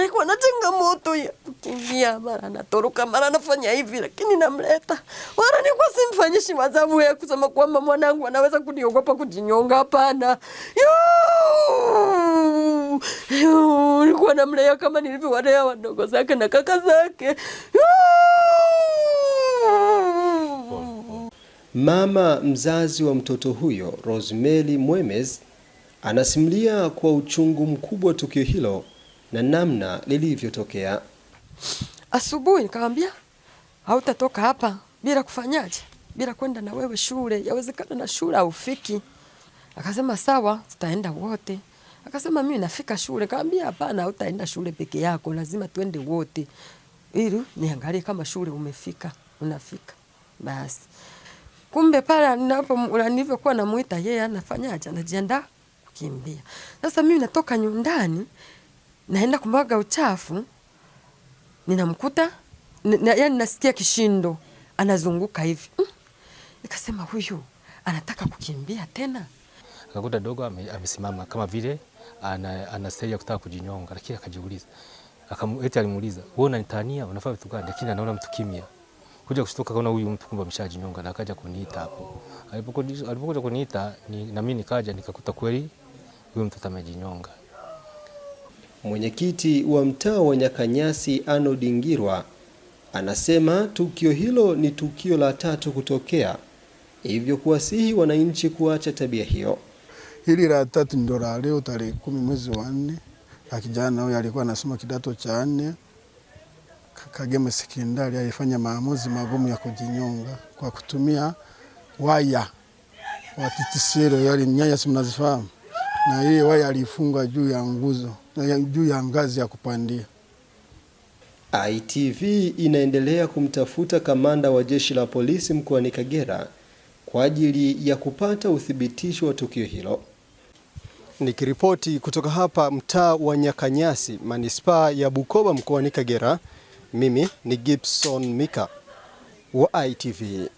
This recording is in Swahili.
alikuwa na changamoto ya kukimbia, mara anatoroka, mara anafanya hivi, lakini namleta. Wala nilikuwa simfanyishi madhabu ya kusema kwamba mwanangu anaweza kuniogopa kujinyonga. Hapana, nilikuwa namlea kama nilivyowalea wadogo zake na kaka zake. Mama mzazi wa mtoto huyo Rosemary mwemez anasimulia kwa uchungu mkubwa tukio hilo na namna lilivyotokea. Asubuhi nikamwambia hautatoka hapa bila kufanyaje, bila kwenda na wewe shule, yawezekana na shule haufiki. Akasema sawa, tutaenda wote. Akasema mimi nafika shule. Kaambia hapana, hutaenda shule peke yako, lazima tuende wote, ili niangalie kama shule umefika, unafika. Basi kumbe pale ninapo nilivyokuwa namuita yeye, anafanyaje? Anajiandaa kukimbia. Sasa mimi natoka nyumbani naenda kumwaga uchafu, ninamkuta na, yani nasikia kishindo anazunguka hivi mm. Nikasema huyu anataka kukimbia tena, akakuta dogo amesimama kama vile ana, ana ya kutaka kujinyonga, lakini akajiuliza, akamwita alimuuliza, wewe unanitania unafanya vitu gani? Lakini anaona mtu kimya, kuja kushtuka kaona huyu mtu kumbe ameshajinyonga, na akaja kuniita hapo. Alipokuja kuniita ni, na mimi nikaja nikakuta kweli huyu mtu amejinyonga. Mwenyekiti wa mtaa wa Nyakanyasi Arnold Ngirwa anasema tukio hilo ni tukio la tatu kutokea, hivyo kuwasihi wananchi kuacha tabia hiyo. Hili la tatu ndio la leo tarehe kumi mwezi wa nne la kijana huyo alikuwa anasoma kidato cha nne kagema Sekondari, alifanya maamuzi magumu ya kujinyonga kwa kutumia waya wa TTCL, yale nyaya si mnazifahamu na yeye waya alifunga juu ya nguzo na juu ya ngazi ya kupandia. ITV inaendelea kumtafuta kamanda wa jeshi la polisi mkoani Kagera kwa ajili ya kupata uthibitisho wa tukio hilo. Nikiripoti kutoka hapa mtaa wa Nyakanyasi, manispaa ya Bukoba mkoani Kagera, mimi ni Gibson Mika wa ITV.